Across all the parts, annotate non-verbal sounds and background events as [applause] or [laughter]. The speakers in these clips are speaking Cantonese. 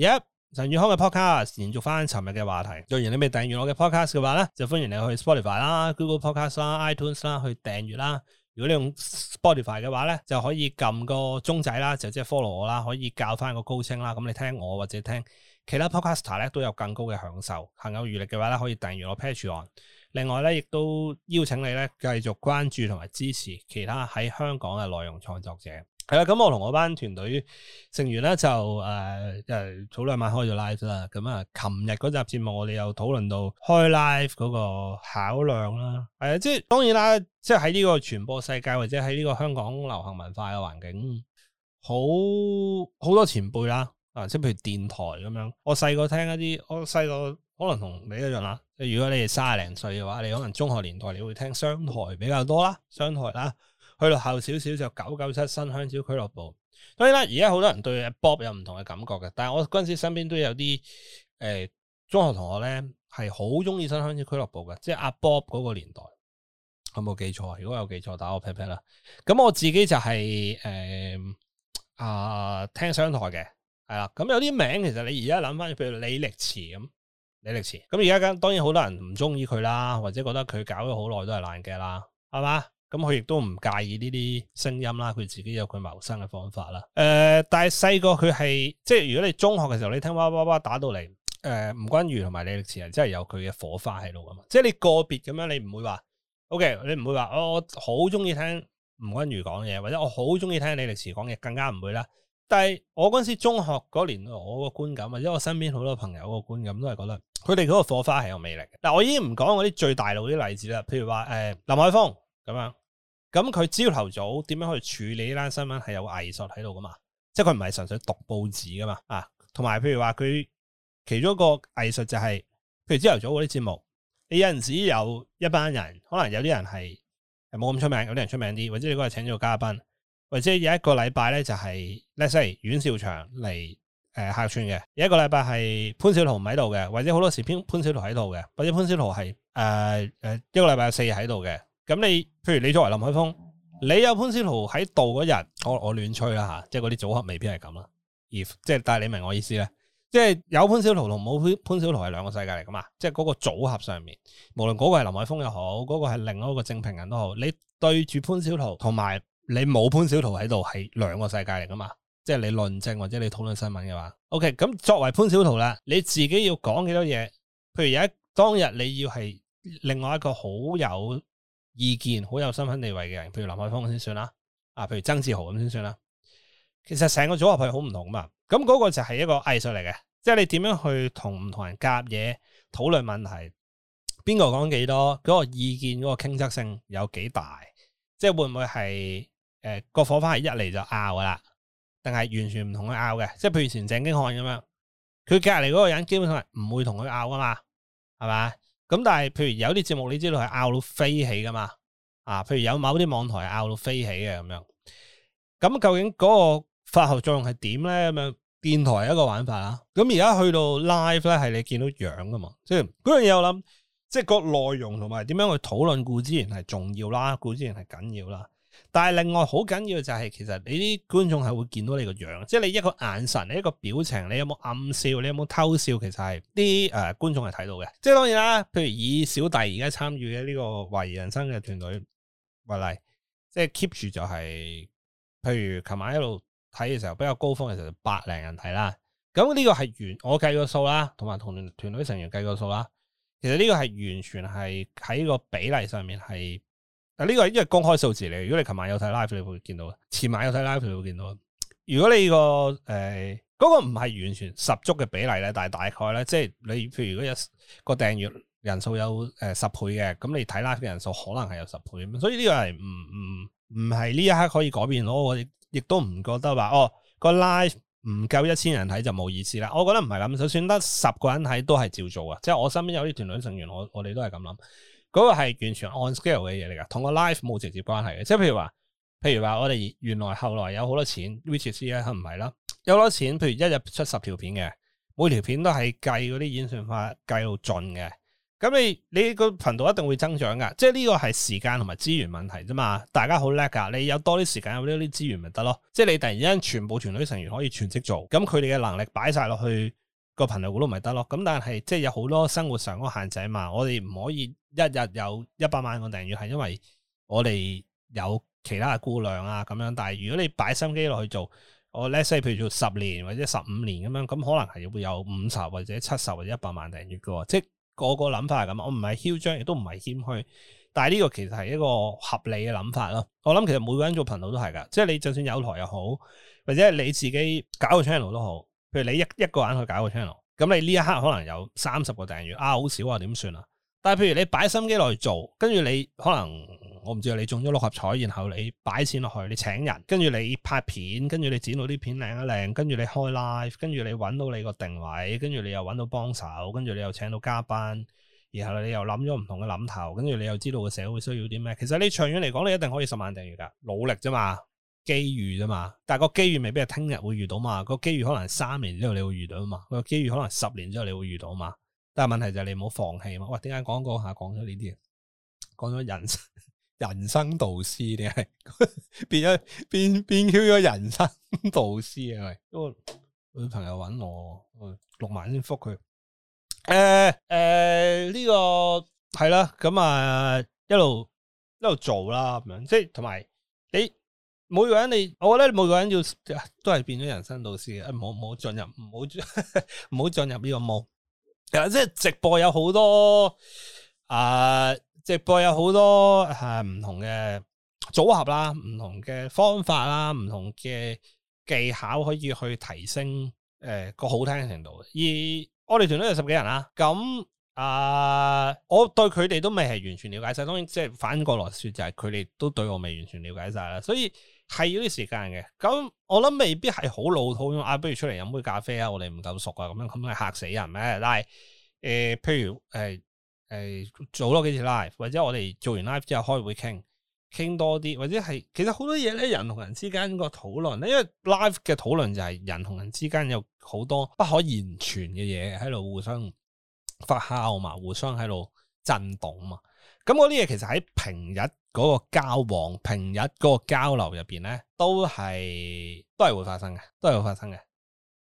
Yep 陳宇康嘅 podcast，延續翻尋日嘅話題。若然你未訂閱我嘅 podcast 嘅話就歡迎你去 Spotify 啦、Google Podcast 啦、iTunes 啦去訂閱啦。如果你用 Spotify 嘅話就可以按個鐘仔啦，就即係 follow 我啦，可以教翻個高清啦。咁你聽我或者聽其他 podcaster 咧都有更高嘅享受。行有餘力嘅話可以訂閱我 Patreon。另外呢也亦都邀請你咧繼續關注同埋支持其他喺香港嘅內容創作者。係啦，咁我同我班團隊成員咧就誒，誒、呃、早兩晚開咗 live 啦。咁啊，琴日嗰集節目我哋又討論到開 live 嗰個考量啦。係啊，即係當然啦，即係喺呢個傳播世界或者喺呢個香港流行文化嘅環境，好好多前輩啦，啊，即譬如電台咁樣。我細個聽一啲，我細個可能同你一樣啦。即如果你哋卅零歲嘅話，你可能中學年代你會聽商台比較多啦，商台啦。去到後少少就九九七新香蕉俱樂部，所以啦，而家好多人對阿 Bob 有唔同嘅感覺嘅。但係我嗰陣時身邊都有啲誒、呃、中學同學咧，係好中意新香蕉俱樂部嘅，即係阿 Bob 嗰個年代。有冇記錯？如果有記錯，打我 pat pat 啦。咁我自己就係誒啊聽商台嘅，係啦。咁有啲名其實你而家諗翻，譬如李力持咁，李力持咁。而家當然好多人唔中意佢啦，或者覺得佢搞咗好耐都係爛嘅啦，係嘛？咁佢亦都唔介意呢啲聲音啦，佢自己有佢謀生嘅方法啦。誒、呃，但係細個佢係即係如果你中學嘅時候，你聽哇哇哇打到嚟，誒、呃，吳君如同埋李力持係真係有佢嘅火花喺度噶嘛？即係你個別咁樣，你唔會話，OK，你唔會話，O K，你唔會話我好中意聽吳君如講嘢，或者我好中意聽李力持講嘢，更加唔會啦。但係我嗰陣時中學嗰年，我個觀感或者我身邊好多朋友個觀感都係覺得，佢哋嗰個火花係有魅力嘅。嗱，我已經唔講嗰啲最大路啲例子啦，譬如話誒、呃、林海峰。咁樣，咁佢朝頭早點樣去處理呢單新聞？係有藝術喺度噶嘛？即係佢唔係純粹讀報紙噶嘛？啊，同埋譬如話佢其中一個藝術就係、是，譬如朝頭早嗰啲節目，你有陣時有一班人，可能有啲人係冇咁出名，有啲人出名啲，或者你嗰日請咗嘉賓，或者有一個禮拜咧就係、是，let's say 阮兆祥嚟誒客串嘅，有一個禮拜係潘小桃唔喺度嘅，或者好多時潘潘小桃喺度嘅，或者潘小桃係誒誒一個禮拜有四日喺度嘅。咁你，譬如你作為林海峰，你有潘小桃喺度嗰日，我我亂吹啦吓，即係嗰啲組合未必係咁啦。If 即係，但係你明我意思咧，即係有潘小桃同冇潘潘小桃係兩個世界嚟噶嘛？即係嗰個組合上面，無論嗰個係林海峰又好，嗰、嗰個係另外一個政評人都好，你對住潘小桃，同埋你冇潘小桃喺度係兩個世界嚟噶嘛？即係你論證或者你討論新聞嘅話，OK。咁作為潘小桃啦，你自己要講幾多嘢？譬如有一當日你要係另外一個好有，意見好有身份地位嘅人，譬如林海峰先算啦，啊，譬如曾志豪咁先算啦。其實成個組合係好唔同噶嘛。咁嗰個就係一個藝術嚟嘅，即係你點樣去同唔同人夾嘢討論問題，邊個講幾多，嗰個意見嗰個傾側性有幾大，即係會唔會係誒個火花係一嚟，就拗噶啦，定係完全唔同佢拗嘅？即係譬如前鄭經翰咁樣，佢隔籬嗰個人基本上係唔會同佢拗噶嘛，係咪？咁但係譬如有啲節目你知道係拗到飛起噶嘛，啊，譬如有某啲網台拗到飛起嘅咁樣，咁究竟嗰個化學作用係點咧？咁樣電台係一個玩法啊，咁而家去到 Live 咧，係你見到樣噶嘛，即係嗰樣嘢我諗，即係個內容同埋點樣去討論固之然係重要啦，固之然係緊要啦。但係另外好緊要就係，其實你啲觀眾係會見到你個樣，即係你一個眼神，你一個表情，你有冇暗笑，你有冇偷笑，其實係啲誒觀眾係睇到嘅。即係當然啦，譬如以小弟而家參與嘅呢、呢個《懷疑人生》嘅團隊為例，即係 keep 住就係、係，譬如琴晚一路睇嘅時候，比較高峰嘅時候就百，百零人睇啦。咁呢個係完我計個數啦，同埋同團隊成員計個數啦。其實呢個係完全係喺個比例上面係。呢個因為公開數字嚟，如果你琴晚有睇 live 你會見到，前晚有睇 live 你會見到。如果你個誒嗰個唔係完全十足嘅比例咧，但係大概咧，即係你譬如如果有個訂閱人數有誒十倍嘅，咁你睇 live 嘅人數可能係有十倍咁，所以呢個係唔唔唔係呢一刻可以改變咯。我亦都唔覺得話哦個 live 唔夠一千人睇就冇意思啦。我覺得唔係咁，就算得十個人睇都係照做啊。即係我身邊有啲團隊成員，我我哋都係咁諗。嗰個係完全 on scale 嘅嘢嚟噶，同個 life 冇直接關係嘅。即係譬如話，譬如話，我哋原來後來有好多錢，which is yeah，唔係啦。有好多錢，譬如一日出十條片嘅，每條片都係計嗰啲演算法計到盡嘅。咁你你個頻道一定會增長噶。即係呢個係時間同埋資源問題啫嘛。大家好叻噶，你有多啲時間，有呢啲資源咪得咯。即係你突然之間全部團隊成員可以全職做，咁佢哋嘅能力擺晒落去。個頻道都唔係得咯，咁但係即係有好多生活上個限制嘛。我哋唔可以一日有一百萬個訂閱，係因為我哋有其他嘅估量啊咁樣。但係如果你擺心機落去做，我咧即係譬如做十年或者十五年咁樣，咁可能係會有五十或者七十或者一百萬訂閱噶。即係個個諗法係咁，我唔係囂張，亦都唔係謙虛，但係呢個其實係一個合理嘅諗法咯。我諗其實每個人做頻道都係噶，即係你就算有台又好，或者係你自己搞個 channel 都好。譬如你一一個人去搞個 channel，咁你呢一刻可能有三十個訂閱，啊好少啊點算啊？但係譬如你擺心機落去做，跟住你可能我唔知你中咗六合彩，然後你擺錢落去，你請人，跟住你拍片，跟住你剪到啲片靚一靚，跟住你開 live，跟住你搵到你個定位，跟住你又搵到幫手，跟住你又請到加班，然後你又諗咗唔同嘅諗頭，跟住你又知道個社會需要啲咩？其實你長遠嚟講，你一定可以十萬訂閱噶，努力啫嘛。機遇啊嘛，但係個機遇未必係聽日會遇到嘛，個機遇可能三年之後你會遇到啊嘛，個機遇可能十年之後你會遇到啊嘛，但係問題就係你唔好放棄啊嘛。喂，點解講講下講咗呢啲啊？講咗人生人生導師定係 [laughs] 變咗變變 Q 咗人生導師是不是的，這個，是啊？係，因為女朋友揾我，錄埋先覆佢。誒誒，呢個係啦，咁啊一路一路做啦，咁樣即係同埋你。每個人你，我覺得，每個人要都係變咗人生導師嘅，唔好唔好進入，唔好唔好進入呢個 Mode。即係、就是、直播有好多、呃、多，啊，直播有好多誒唔同嘅組合啦，唔同嘅方法啦，唔同嘅技巧可以去提升誒、呃、個好聽嘅程度。而我哋團隊有十幾人啦，咁啊、呃，我對佢哋都未係完全了解晒。當然，即係反過來說，就係佢哋都對我未完全了解晒啦，所以。係要啲時間嘅，咁我諗未必係好老土，啊，不如出嚟飲杯咖啡啊，我哋唔夠熟啊，咁樣咁係嚇死人咩？但係誒、呃，譬如誒誒、呃呃、做多幾次 live，或者我哋做完 live 之後開會傾，傾多啲，或者係其實好多嘢咧，人同人之間個討論咧，因為 live 嘅討論就係人同人之間有好多不可言傳嘅嘢喺度互相發酵嘛，互相喺度震動嘛。咁嗰啲嘢其實喺平日嗰個交往平日嗰個交流入邊咧，都係都係會發生嘅，都係會發生嘅。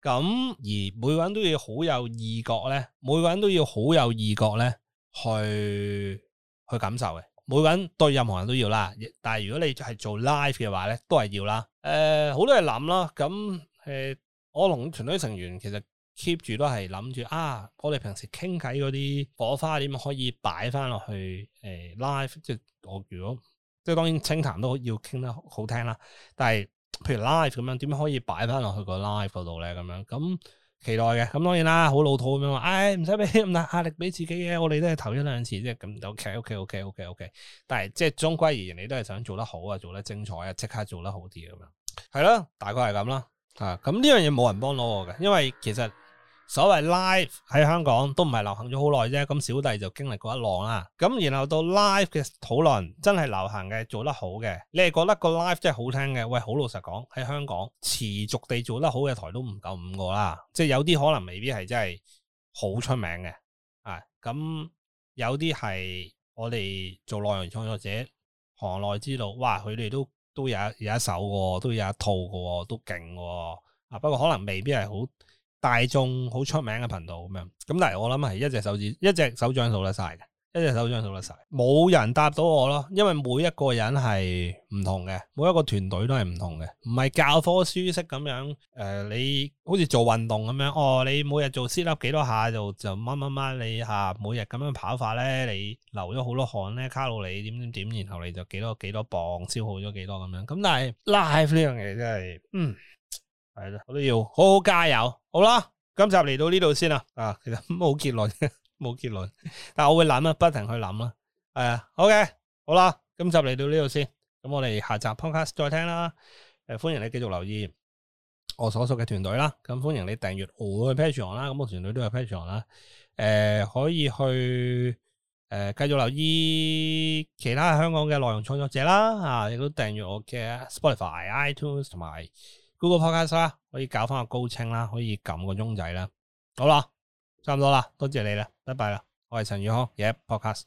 咁而每個人都要好有意覺咧，每個人都要好有意覺咧，去去感受嘅。每個人對任何人都要啦，但係如果你就係做 live 嘅話咧，都係要啦。誒，好多嘢諗啦。咁誒，我同團隊成員其實。keep 住都係諗住啊！我哋平時傾偈嗰啲火花點可以擺翻落去誒、呃、live？即係我如果即係當然清談都要傾得好,好聽啦。但係譬如 live 咁樣，點可以擺翻落去個 live 嗰度咧？咁樣咁、嗯、期待嘅。咁、嗯、當然啦，好老土咁樣話，唉唔使俾咁大壓力俾自己嘅、啊。我哋都係頭一兩次，即係咁 ok ok ok ok ok。但係即係終歸而言，你都係想做得好啊，做得精彩啊，即刻做得好啲咁樣。係咯，大概係咁啦。啊，咁呢樣嘢冇人幫到我嘅，因為其實。所謂 live 喺香港都唔係流行咗好耐啫，咁小弟就經歷過一浪啦。咁然後到 live 嘅討論真係流行嘅，做得好嘅，你係覺得個 live 真係好聽嘅？喂，好老實講，喺香港持續地做得好嘅台都唔夠五個啦。即係有啲可能未必係真係好出名嘅啊。咁有啲係我哋做內容創作者行內知道，哇！佢哋都都有一有一首嘅，都有一套嘅，都勁啊。不過可能未必係好大眾好出名嘅頻道咁樣，咁但係我諗係一隻手指一隻手掌數得晒嘅，一隻手掌數得晒。冇人答到我咯，因為每一個人係唔同嘅，每一個團隊都係唔同嘅，唔係教科書式咁樣，呃，你好似做運動咁樣，哦，你每日做 sit up 幾多下就就乜乜乜，你吓每日咁樣跑法咧，你流咗好多汗咧，卡路里點點點，然後你就幾多幾多磅消耗咗幾多咁樣，咁但係 life 呢樣嘢真係，嗯。係啦，我都要好好加油，好啦，今集嚟到呢度先啦。啊，其實冇結論，冇結論，但係我會諗啊，不停去諗啦。係啊，okay, 好嘅，好啦，今集嚟到呢度先，咁我哋下集 podcast 再聽啦。誒、啊，歡迎你繼續留意我所屬嘅團隊啦，咁歡迎你訂閱我嘅 Patreon 啦，咁我團隊都有 Patreon 啦。誒，可以去誒繼、呃、續留意其他香港嘅內容創作者啦。啊，亦都訂閱我嘅 Spotify、iTunes 同埋。Google Podcast 啦，可以搞翻個高清啦，可以撳個鐘仔啦，好啦，差唔多啦，多謝你啦，拜拜啦，我係陳宇康，嘢 Podcast。